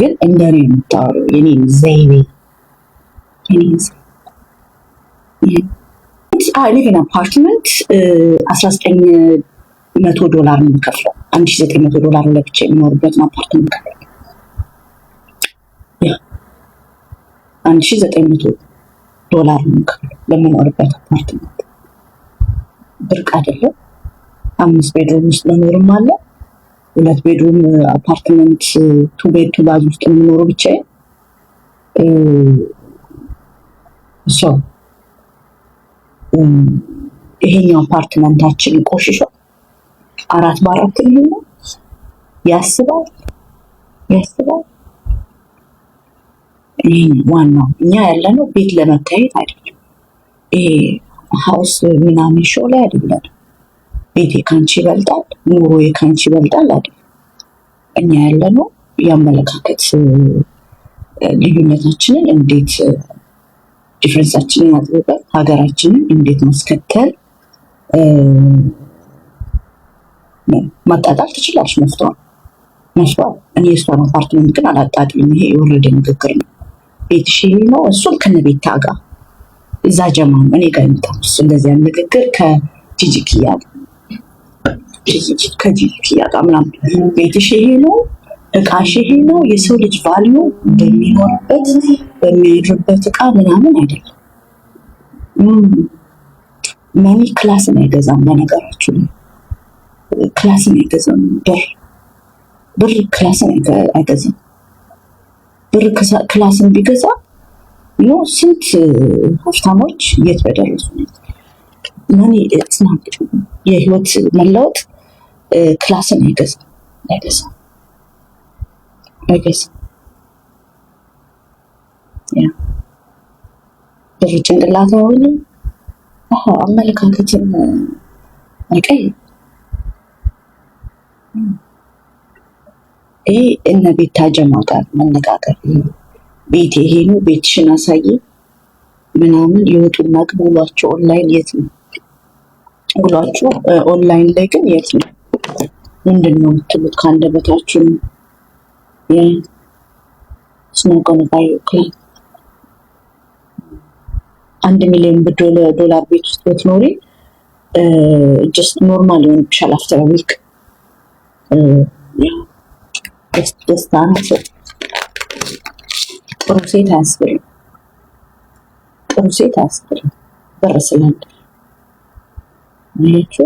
ግን እንደ እኔ የምታወሪው የኔን ዘይቤ ሌቪን አፓርትመንት አስራ ዘጠኝ መቶ ዶላር የምንከፍለው አንድ ሺ ዘጠኝ መቶ ዶላር ለብቻ የሚኖርበትን አፓርትመንት ከ አንድ ሺ ዘጠኝ መቶ ዶላር የምንከፍለው ለምኖርበት አፓርትመንት ብርቅ አይደለም። አምስት ቤድሩም ውስጥ መኖርም አለ ሁለት ቤድሩም አፓርትመንት ቱ ቤድ ቱ ባዝ ውስጥ የሚኖሩ ብቻ ሰው ይሄኛው አፓርትመንታችን ቆሽሿል። አራት በአራት ልዩና ያስባል ያስባል። ይህ ዋናው እኛ ያለነው ቤት ለመታየት አይደለም። ይሄ ሀውስ ምናምን ሾው ላይ አይደለም። ቤቴ ካንቺ ይበልጣል፣ ኑሮዬ ካንቺ ይበልጣል አለ። እኛ ያለነው የአመለካከት ልዩነታችንን እንዴት ዲፍረንሳችንን አጥብቀን ሀገራችንን እንዴት ማስከተል ማጣጣል ትችላለች። መፍተዋል መፍተዋል። እኔ የእሷን አፓርትመንት ግን አላጣጥም። ይሄ የወረደ ንግግር ነው። ቤት የሚል ነው እሱን ከነ ቤታ ጋር እዛ ጀማም እኔ ጋር ይመጣ እንደዚያ ንግግር ከጂጂክያ ከዚህ ሽያጣ ምናምን ቤትሽ ይሄ ነው እቃሽ ይሄ ነው። የሰው ልጅ ቫልዩ በሚኖርበት በሚያድርበት እቃ ምናምን አይደለም። መኒ ክላስን አይገዛም። በነገራችሁ ክላስን አይገዛም። ብር ብር ክላስን አይገዛም። ብር ክላስን ቢገዛ ኖ ስንት ሀብታሞች የት በደረሱ። መኒ የህይወት መለወጥ ክላስን አይገዛም አይገዛም አይገዛም። ብር ጭንቅላት ነው አመለካከትን አይቀይም። ይሄ እነ ቤታ ጀማ ጋር መነጋገር ቤት ይሄ ነው ቤትሽን አሳየ ምናምን የወጡና ቅብሏቸው ኦንላይን የት ነው ብሏችሁ ኦንላይን ላይ ግን የት ነው? ምንድን ነው የምትሉት? ከአንደበታችሁ አንድ ሚሊዮን ዶላር ቤት ውስጥ ብትኖሪ ጀስት ኖርማል ይሆንብሻል። አፍተር ዊክ ደስታ ጥሩ ሴት አያስብልም። ጥሩ ሴት አያስብልም። በር ስላለሽ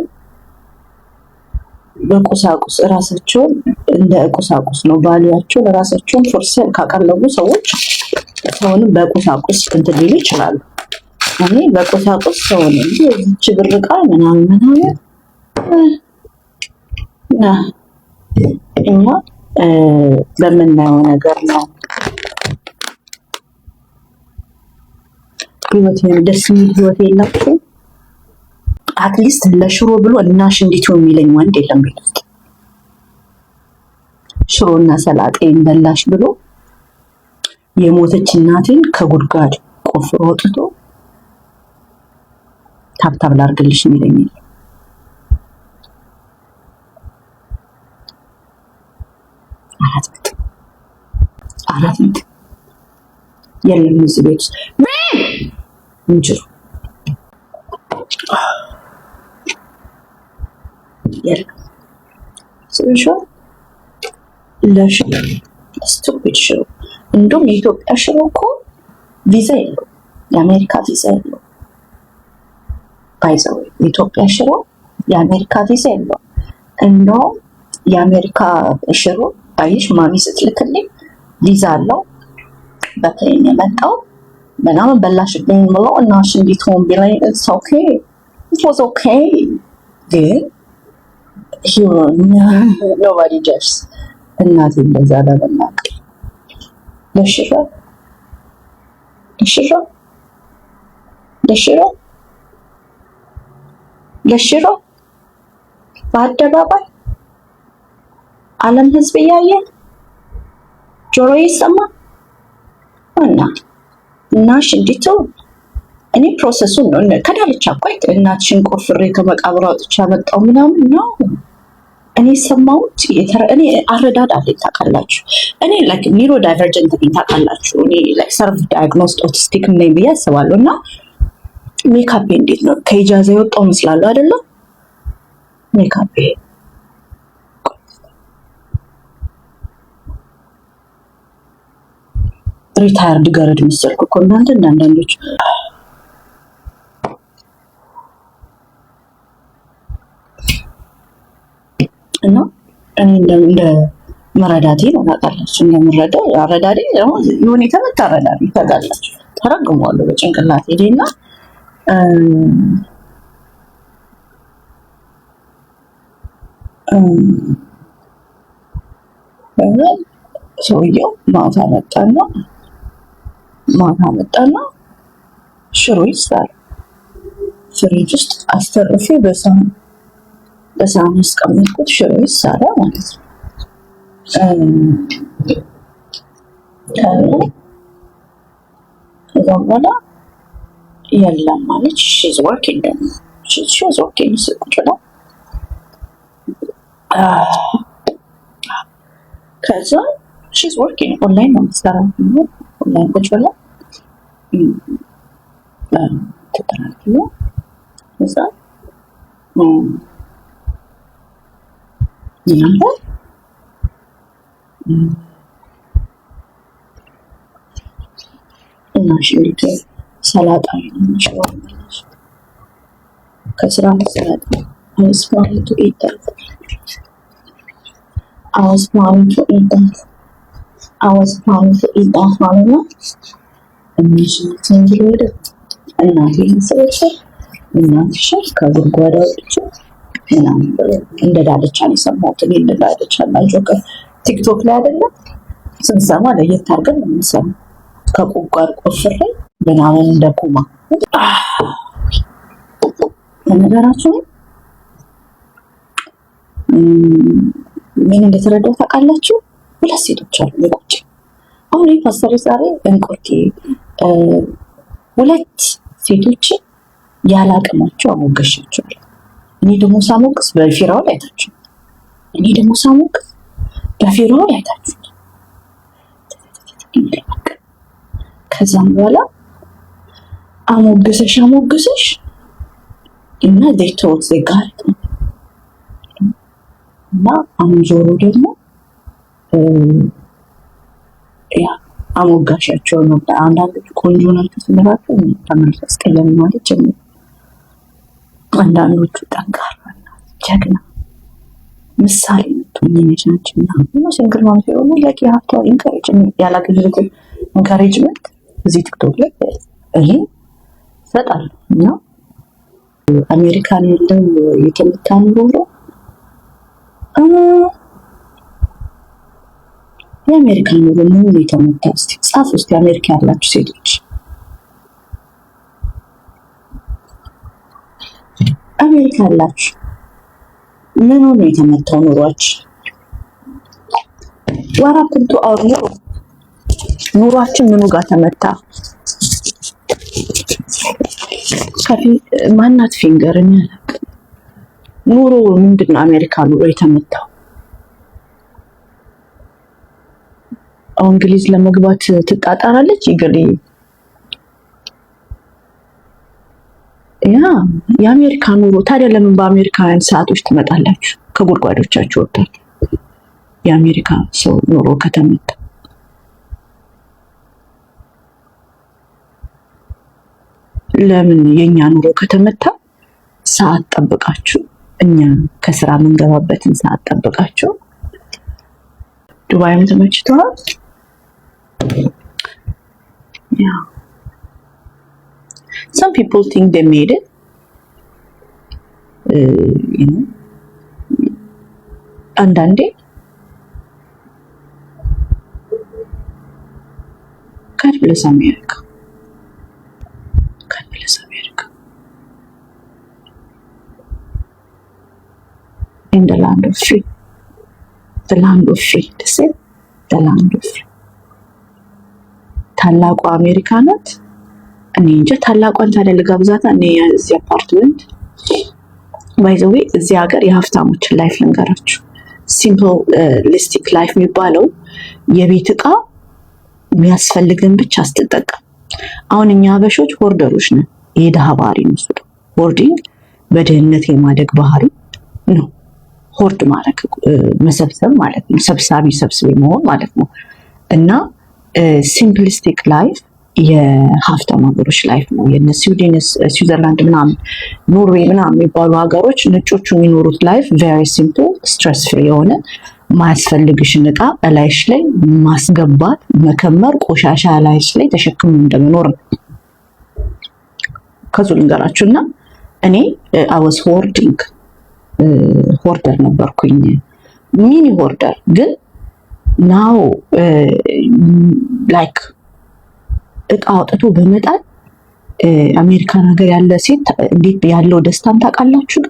በቁሳቁስ እራሳቸውን እንደ ቁሳቁስ ነው ባሊያቸውን ለራሳቸውን ፍርስ ካቀለቡ ሰዎች ሰውንም በቁሳቁስ እንትን ሊሉ ይችላሉ። እኔ በቁሳቁስ ሰውን እንጂ የዚች ብር ዕቃ ምናምን ምናምን እኛ በምናየው ነገር ነው ህይወት ደስ የሚል ህይወት የላቸው አትሊስት ለሽሮ ብሎ እናሽ እንዴት ነው የሚለኝ ወንድ የለም። ቤት ሽሮና ሰላጤን በላሽ ብሎ የሞተች እናቴን ከጉድጓድ ቆፍሮ ወጥቶ ታብታብ ላርግልሽ የሚለኝ አራት ቤት አራት ቤት የለም እዚህ ቤት ውስጥ ምንጭሩ ያደርጋል። ለሽሮ ስቱፒድ ሽሮ እንዲሁም የኢትዮጵያ ሽሮ እኮ ቪዛ የለው፣ የአሜሪካ ቪዛ የለው። ባይዘው የኢትዮጵያ ሽሮ የአሜሪካ ቪዛ የለው። እንደውም የአሜሪካ ሽሮ ባይሽ ማሚ ስትልክልኝ ቪዛ አለው በፕሌን የመጣው ምናምን በላሽብኝ ብሎ እናሽ እንዲትሆን ቢላይ ኦኬ ኢት ዋዝ ኦኬ ግን ሂውመን ኖባዲ ጀርስ እናቴ እንደዛ በአደባባይ ዓለም ሕዝብ እያየ ጆሮ ይሰማ እና እናሽ እንዲቱ እኔ ፕሮሰሱን ነው ከዳልቻ ቆይ እናትሽን ቆፍሬ ከመቃብር አውጥቼ አመጣው ምናምን ነው። እኔ ሰማሁት። እኔ አረዳድ አለኝ ታውቃላችሁ። እኔ ላይክ ኒሮ ዳይቨርጀንት ነኝ ታውቃላችሁ። እኔ ላይክ ሰልፍ ዳያግኖስ ኦቲስቲክ ነኝ ብዬ አስባለሁ። እና ሜካፔ እንዴት ነው ከኢጃዛ የወጣው ምስላለሁ አይደለም ሜካፔ ሪታየርድ ገረድ መሰልኩ እኮ እናንተ እንዳንዳንዶች እና እኔ እንደ መረዳቴ ታውቃላችሁ፣ እንደምረዳው አረዳዴ የሆነ የተመታ አረዳዴ ታውቃላችሁ፣ ተረግሟለሁ በጭንቅላት ሄዴና ሰውየው ማታ መጣና ማታ መጣና ሽሮ ይስላል ፍሪጅ ውስጥ አስተርፌ በሳም በሳህን ያስቀመጥኩት ሽሮ ይሰራ ማለት ነው። ከዛ በኋላ የለም ማለት ሺዝ ወርኪንግ ደግሞ ሺዝ ወርኪንግ ቁጭ ነው። ከዛ ሽዝ ወርኪንግ ኦንላይን ነው የምትሰራው። ኦንላይን ቁጭ ብላ ትጠራለች። ከዛ እናንተ እናሽልኬ ሰላጣ ከጉድጓዳ ወጥቼ ና እንደ ዳለቻ ነው የሰማሁት። እኔ እንደ ዳለቻ እና ጆከር ቲክቶክ ላይ አይደለም ስንሰማ ለየት አድርገን ነው የምንሰማው። ከቁጓር ቆፍሬ ምናምን እንደ ኩማ በነገራችሁ ምን እንደተረዳው ታውቃላችሁ? ሁለት ሴቶች አሉ ሌሎች አሁን ይህ ፓስተሬ ዛሬ እንቁርቴ ሁለት ሴቶችን ያለ አቅማቸው አሞገሻቸዋል። እኔ ደግሞ ሳሞቅስ በፊራውን አይታችሁ፣ እኔ ደግሞ ሳሞቅስ በፊራውን አይታችሁ። ከዛም በኋላ አሞግሰሽ አሞግሰሽ እና ዘይተወት ዘጋር እና አሁን ዞሮ ደግሞ ያ አሞጋሻቸው ነው። አንዳንድ ቆንጆ ናቸው ስንላቸው ተመልሰስ ቀለም ማለት ጀምሩ አንዳንዶቹ ጠንካራና ጀግና ምሳሌ ምጡኝነች ናቸው እና ሲንግል ማም ሲሆኑ ለ ሀብቷ ኢንካሬጅመንት ያላገኙትን ኢንካሬጅመንት እዚህ ቲክቶክ ላይ እኔ ይሰጣል እና አሜሪካን ያለው የተምታኑሮ የአሜሪካን ኑሮ ምን የተመታ ስ ጻፍ ውስጥ የአሜሪካ ያላችሁ ሴቶች አሜሪካ አላችሁ። ምኑ ነው የተመታው ኑሯች ዋራ ኩንቱ አውሩ ኑሯችን ምኑ ጋር ተመታ? ማናት ፊንገር ኑሮ ምንድን ነው? አሜሪካ ኑሮ የተመታው እንግሊዝ ለመግባት ትጣጣራለች ይግሪ ያ የአሜሪካ ኑሮ ታዲያ ለምን በአሜሪካውያን ሰዓቶች ትመጣላችሁ? ከጉድጓዶቻችሁ ወጥታችሁ የአሜሪካ ሰው ኑሮ ከተመታ ለምን የእኛ ኑሮ ከተመታ ሰዓት ጠብቃችሁ እኛ ከስራ የምንገባበትን ሰዓት ጠብቃችሁ ዱባይም ተመችቷል። Some people think they made it. Uh, you know, አንዳንዴ God bless America. God bless America. In the land of free. The land of free. They say the land of free. ታላቁ አሜሪካ ናት። እኔ እንጃ ታላቋን ታዲያ ልጋብዛት። እኔ እዚህ አፓርትመንት ባይዘዌ እዚህ ሀገር የሀብታሞችን ላይፍ ልንገራችሁ። ሲምፕል ሊስቲክ ላይፍ የሚባለው የቤት እቃ የሚያስፈልግን ብቻ አስትጠቀም። አሁን እኛ ሀበሾች ሆርደሮች ነን። ይሄ ድሃ ባህሪ ነው። ሆርዲንግ በድህነት የማደግ ባህሪ ነው። ሆርድ ማድረግ uh, መሰብሰብ ማለት ነው። ሰብሳቢ ሰብስቤ መሆን ማለት ነው እና ሲምፕሊስቲክ uh, ላይፍ የሀብታም ሀገሮች ላይፍ ነው። የነ ስዊድን፣ ስዊዘርላንድ ምናምን ኖርዌይ ምናምን የሚባሉ ሀገሮች ነጮቹ የሚኖሩት ላይፍ ቬሪ ሲምፕል ስትረስ ፍሪ የሆነ ማያስፈልግሽን እቃ እላይሽ ላይ ማስገባት መከመር፣ ቆሻሻ እላይሽ ላይ ተሸክሙ እንደመኖር ነው። ከዙ ልንገራችሁ እና እኔ አወስ ሆርዲንግ ሆርደር ነበርኩኝ፣ ሚኒ ሆርደር ግን ናው ላይክ እቃ አውጥቶ በመጣል አሜሪካን ሀገር ያለ ሴት እንዴት ያለው ደስታን ታውቃላችሁ?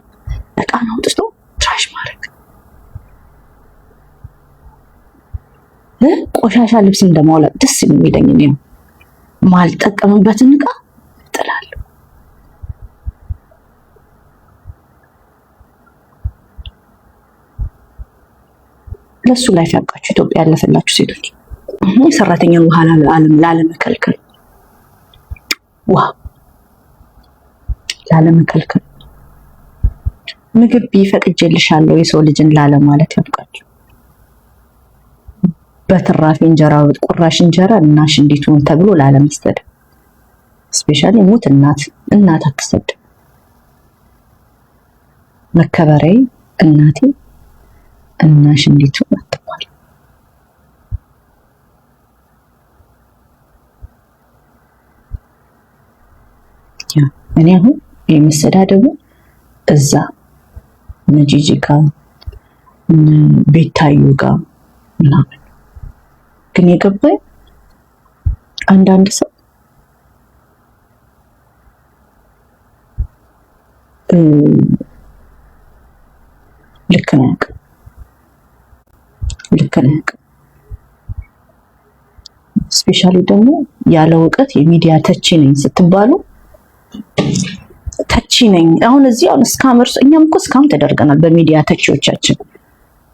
እቃን አውጥቶ ትራሽ ማድረግ ቆሻሻ ልብስ እንደማውላት ደስ የሚለኝ ነው። ማልጠቀምበትን እቃ እጥላለሁ። ለሱ ላይፍ ያብቃችሁ። ኢትዮጵያ ያለፈላችሁ ሴቶች የሰራተኛን ውሃ ላለመከልከል ውሃ ላለመከልከል ምግብ ቢፈቅጄልሻለሁ የሰው ልጅን ላለማለት ያብቃችሁ። በትራፊ እንጀራ ቁራሽ እንጀራ እናሽ እንዴት ሆን ተብሎ ላለመስደድ፣ ስፔሻሊ ሙት እናት እናት አትሰድ። መከበሬ እናቴ እናሽ እንዴት ሆን እኔ አሁን የመሰዳደቡ እዛ ነጂጂ ጋር ቤታዩ ጋር ምናምን ግን የገባኝ አንዳንድ ሰው ልክ ነው ያውቅም ልክ ነው ያውቅም። ስፔሻሊ ደግሞ ያለ እውቀት የሚዲያ ተቺ ነኝ ስትባሉ ተቺ ነኝ። አሁን እዚህ አሁን እስካመር እኛም እኮ እስካሁን ተደርገናል በሚዲያ ተቺዎቻችን።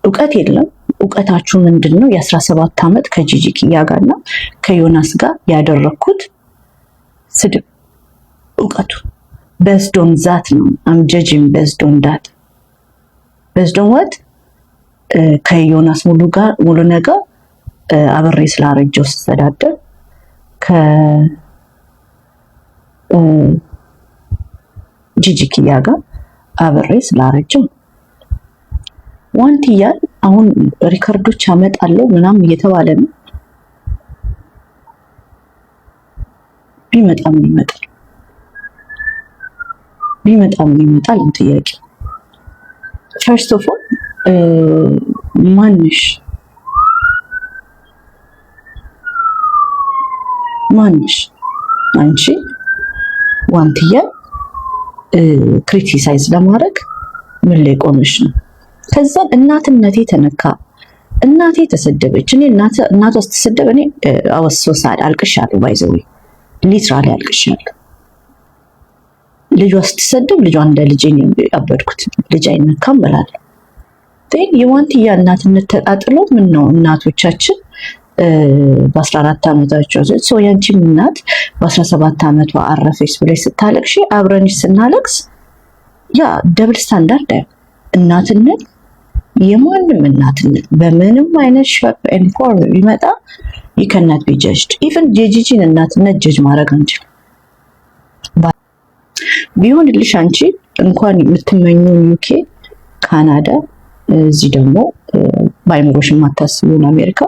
እውቀት የለም። እውቀታችሁ ምንድን ነው? የአስራ ሰባት ዓመት ከጂጂ ኪያ ጋርና ከዮናስ ጋር ያደረግኩት ስድብ እውቀቱ በዝዶን ዛት ነው። አምጀጅም በዝዶን ዳት በዝዶን ወት ከዮናስ ሙሉ ጋር ሙሉ ነገር አብሬ ስላረጀው ስሰዳደር ጂጂ ኪያ ጋር አብሬ ስላረጀው ዋንቲያ አሁን ሪከርዶች አመጣለሁ ምናምን እየተባለ ነው። ቢመጣም ይመጣል፣ ቢመጣም ይመጣል። ጥያቄ ፈርስት ኦፍ ኦል ማንሽ ማንሽ አንቺ ዋንቲያ ክሪቲሳይዝ ለማድረግ ምን ላይ ቆመሽ ነው? ከዛም እናትነቴ ተነካ፣ እናቴ ተሰደበች። እኔ እናቷ ስትሰደብ እኔ አወሶ ሳድ አልቅሻለሁ፣ ባይዘዊ ሊትራሊ አልቅሻለሁ። ልጇ ስትሰደብ ልጇ እንደ ልጄ ያበድኩት ልጅ አይነካም እላለሁ። የዋንትያ እናትነት ተጣጥሎ ምን ነው እናቶቻችን በአስራ አራት ዓመታቸው ሰው ያንቺም እናት በአስራ ሰባት ዓመቷ አረፈች ብለሽ ስታለቅሽ አብረንሽ ስናለቅስ ያ ደብል ስታንዳርድ እናትነት የማንም እናትነት በምንም አይነት ሸፕ ኤን ፎርም ቢመጣ ይከናት ቢጀጅድ ኢቨን የጂጂን እናትነት ጀጅ ማድረግ አንችል ቢሆንልሽ አንቺ እንኳን የምትመኙን ዩኬ ካናዳ እዚህ ደግሞ በአይምሮሽ የማታስቢውን አሜሪካ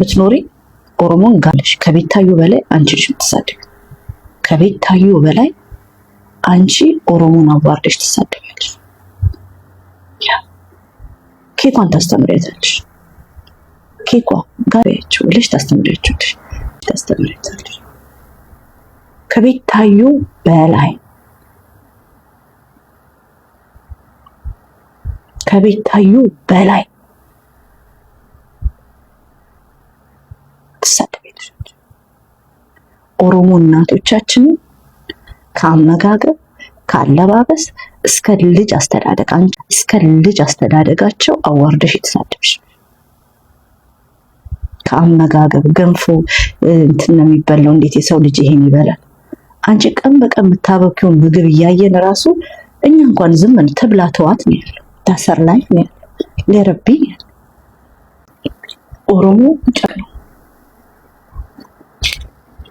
ብትኖሪ ኦሮሞን ጋለሽ። ከቤታዩ በላይ አንቺ ልጅ የምትሳደብ ከቤታዩ በላይ አንቺ ኦሮሞን አዋርደሽ ትሳደቢያለሽ። ኬኳን ታስተምሪያታለሽ። ኬኳ ጋሪያቸው ብለሽ ታስተምሪያቸዋለሽ፣ ታስተምሪያታለሽ። ከቤታዩ በላይ ከቤታዩ በላይ አትሳደቢ ልጆች። ኦሮሞ እናቶቻችንን ከአመጋገብ ከአለባበስ እስከ ልጅ አስተዳደግ አንቺ እስከ ልጅ አስተዳደጋቸው አዋርደሽ የተሳደብሽ ከአመጋገብ ገንፎ እንትን ነው የሚበላው። እንዴት የሰው ልጅ ይሄን ይበላል? አንቺ ቀን በቀን የምታበኪውን ምግብ እያየን ራሱ እኛ እንኳን ዝም ትብላ ተዋት ነው ያለው። ታሰር ላይ ነው ያለው። ሌረቢ ኦሮሞ ጨ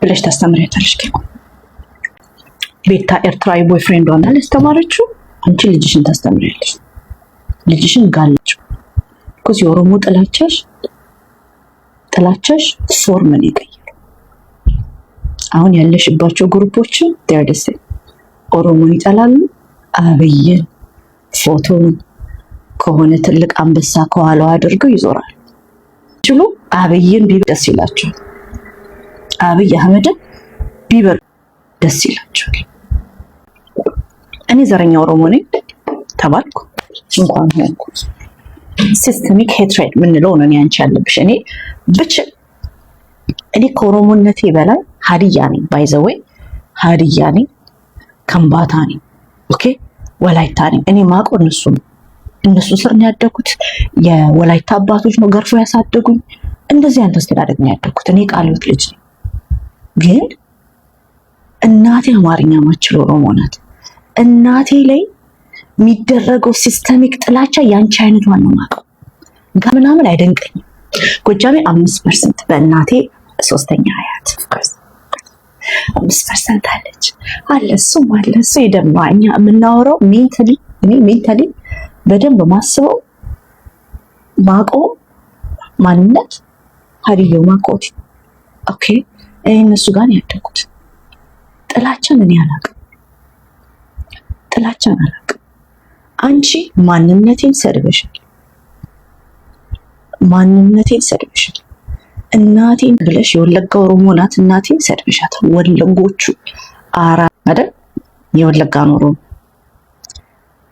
ብለሽ ታስተምሪያታለሽ። ቤታ ኤርትራዊ ቦይፍሬንድ ዋና ያስተማረችው አንቺ ልጅሽን ታስተምሪያለሽ። ልጅሽን ጋለችው ኮዝ የኦሮሞ ጥላቻሽ ጥላቻሽ ፎርምን ይቀይሩ። አሁን ያለሽባቸው ግሩፖችን ደርደሴ ኦሮሞን ይጠላሉ። አብይን ፎቶን ከሆነ ትልቅ አንበሳ ከኋላው አድርገው ይዞራል ችሎ አብይን ቢደስ ይላቸው አብይ አህመድን ቢበሉ ደስ ይላቸዋል። እኔ ዘረኛ ኦሮሞ ነኝ ተባልኩ እንኳን ሆንኩ ሲስተሚክ ሄትሬድ ምንለው ነው። እኔ አንቺ ያለብሽ እኔ ብቻ እኔ ከኦሮሞነቴ በላይ ሀዲያ ነኝ። ባይዘወይ ሀዲያ ነኝ፣ ከምባታ ነኝ፣ ኦኬ ወላይታ ነኝ። እኔ ማቆ እነሱ ነው እነሱ ስር ነው ያደጉት። የወላይታ አባቶች ነው ገርፎ ያሳደጉኝ። እንደዚህ አይነት አስተዳደግ ነው ያደጉት። እኔ ቃሊዮት ልጅ ነኝ። ግን እናቴ አማርኛ ማችል ኦሮሞ ናት። እናቴ ላይ የሚደረገው ሲስተሚክ ጥላቻ ያንቺ አይነቷን ነው ማቀው ጋር ምናምን አይደንቀኝም። ጎጃሜ አምስት ፐርሰንት በእናቴ ሶስተኛ አያት አምስት ፐርሰንት አለች አለ እሱም አለ እሱ የደማ እኛ የምናወራው ሜንታሊ እኔ ሜንታሊ በደንብ ማስበው ማቆ ማንነት ሀዲዮ ማቆት ኦኬ እነሱ ጋር ያደጉት። ጥላቻን እኔ አላቅም፣ ጥላቻን አላቅም። አንቺ ማንነቴን ሰድበሻል፣ ማንነቴን ሰድበሻል። እናቴን ብለሽ የወለጋ ኦሮሞ ናት፣ እናቴን ሰድበሻት። ወለጎቹ አራ አይደል? የወለጋ ኖሮ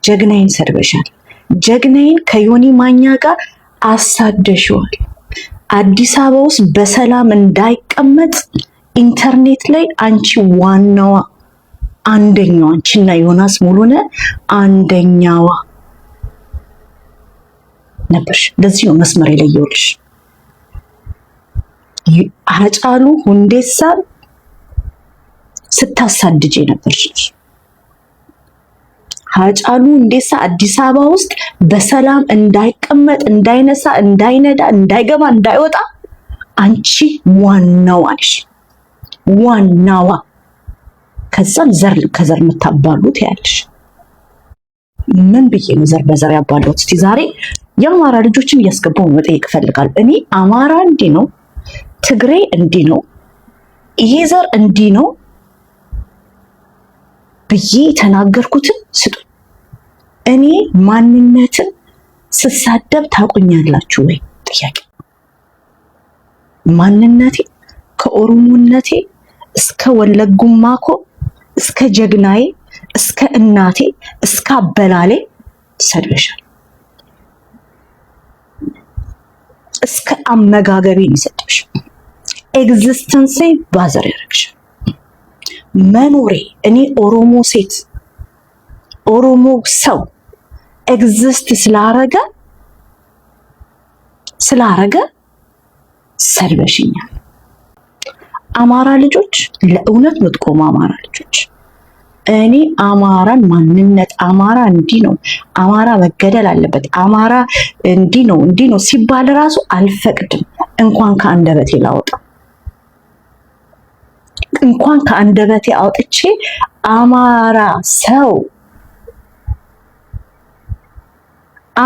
ጀግናዬን ሰድበሻል። ጀግናዬን ከዮኒ ማኛ ጋር አሳደሸዋል። አዲስ አበባ ውስጥ በሰላም እንዳይቀመጥ ኢንተርኔት ላይ አንቺ ዋናዋ አንደኛዋ እና ዮናስ ሙሉነህ አንደኛዋ ነበርሽ። ለዚህ ነው መስመር የለየውልሽ። አጫሉ ሁንዴሳን ስታሳድጅ ነበርሽ። አጫሉ ሁንዴሳ አዲስ አበባ ውስጥ በሰላም እንዳይቀመጥ፣ እንዳይነሳ፣ እንዳይነዳ፣ እንዳይገባ፣ እንዳይወጣ አንቺ ዋናዋ ነሽ። ዋናዋ ከዛም ዘር ከዘር የምታባሉት ያለሽ ምን ብዬ ነው ዘር በዘር ያባሉት? እስቲ ዛሬ የአማራ ልጆችን እያስገባው መጠየቅ ፈልጋል። እኔ አማራ እንዲህ ነው፣ ትግሬ እንዲህ ነው፣ ይሄ ዘር እንዲህ ነው ብዬ የተናገርኩትን ስጡ። እኔ ማንነትን ስሳደብ ታውቁኛላችሁ ወይ? ጥያቄ ማንነቴ ከኦሮሞነቴ እስከ ወለጉማ ወለጉማኮ እስከ ጀግናዬ እስከ እናቴ እስከ አበላሌ ይሰድብሻል። እስከ አመጋገቤ ይሰድብሻል። ኤግዚስተንሴ ባዘር ያደርግሻል። መኖሬ እኔ ኦሮሞ ሴት ኦሮሞ ሰው ኤግዚስት ስላረገ ስላረገ ሰድበሽኛል። አማራ ልጆች ለእውነት ምትቆሙ አማራ ልጆች እኔ አማራን ማንነት አማራ እንዲህ ነው፣ አማራ መገደል አለበት፣ አማራ እንዲህ ነው እንዲህ ነው ሲባል ራሱ አልፈቅድም። እንኳን ከአንደበቴ ላውጣ እንኳን ከአንደበቴ አውጥቼ አማራ ሰው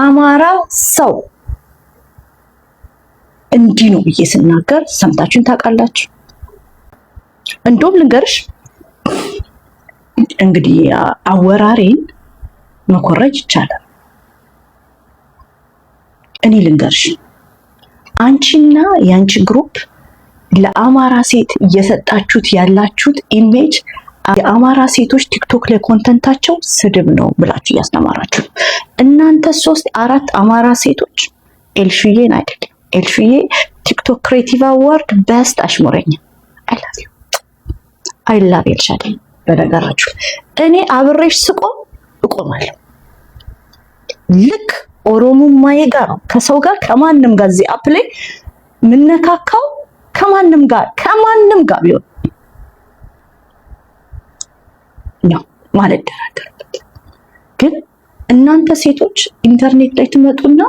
አማራ ሰው እንዲህ ነው ብዬ ስናገር ሰምታችሁን ታውቃላችሁ። እንደውም ልንገርሽ እንግዲህ አወራሬን መኮረጅ ይቻላል። እኔ ልንገርሽ አንቺና የአንቺ ግሩፕ ለአማራ ሴት እየሰጣችሁት ያላችሁት ኢሜጅ የአማራ ሴቶች ቲክቶክ ላይ ኮንተንታቸው ስድብ ነው ብላችሁ እያስተማራችሁ ነው። እናንተ ሶስት አራት አማራ ሴቶች ኤልሽዬን አይደለም ኤልሽዬ ቲክቶክ ክሬቲቭ አዋርድ በስት አሽሙረኛ አይላችሁ አይላቭ ኤልሻዳይ። በነገራችሁ እኔ አብሬሽ ስቆም እቆማለሁ። ልክ ኦሮሙማዬ ጋር ነው። ከሰው ጋር ከማንም ጋር እዚህ አፕ ላይ የምነካካው ከማንም ጋር ከማንም ጋር ቢሆን ነው ማለት ደራደርበት። ግን እናንተ ሴቶች ኢንተርኔት ላይ ትመጡና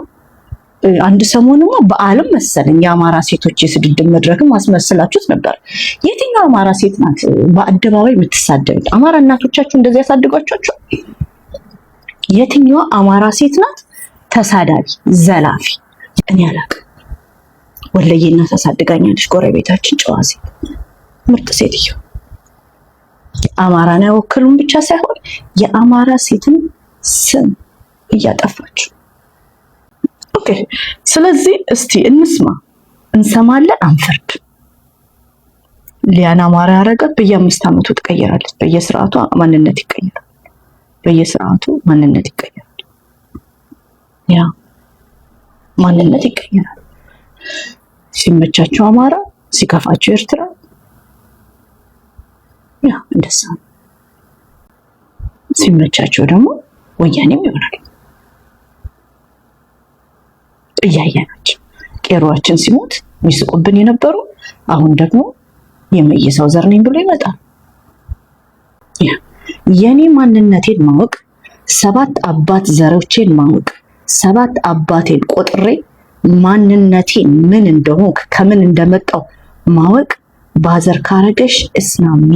አንድ ሰሞኑማ በዓልም መሰለኝ የአማራ ሴቶች የስድድብ መድረክ አስመስላችሁት ነበር። የትኛው አማራ ሴት ናት በአደባባይ የምትሳደብ አማራ እናቶቻችሁ እንደዚህ ያሳድጓቸዋቸው? የትኛዋ አማራ ሴት ናት ተሳዳቢ ዘላፊ? እኔ አላቅም። ወለየና እናት ጎረቤታችን ጨዋ ሴት፣ ምርጥ ሴትዮ። አማራን አይወክሉም ብቻ ሳይሆን የአማራ ሴትን ስም እያጠፋችሁ ስለዚህ እስቲ እንስማ፣ እንሰማለን፣ አንፈርድ። ሊያን አማረ ያረገ በየአምስት ዓመቱ ትቀየራለች። በየስርዓቱ ማንነት ይቀየራል። በየስርዓቱ ማንነት ይቀየራል። ያ ማንነት ይቀየራል። ሲመቻቸው አማራ፣ ሲከፋቸው ኤርትራ። ያ ነው ሲመቻቸው ደግሞ ወያኔም ይሆናል። ናቸው። ቄሮችን ሲሞት የሚስቁብን የነበሩ አሁን ደግሞ የመየሰው ዘር ነኝ ብሎ ይመጣል። የኔ ማንነቴን ማወቅ ሰባት አባት ዘሮቼን ማወቅ ሰባት አባቴን ቆጥሬ ማንነቴን ምን እንደሆንክ ከምን እንደመጣው ማወቅ ባዘር ካረገሽ እስናሚ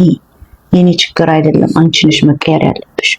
የኔ ችግር አይደለም፣ አንቺ ነሽ መቀየር ያለብሽ።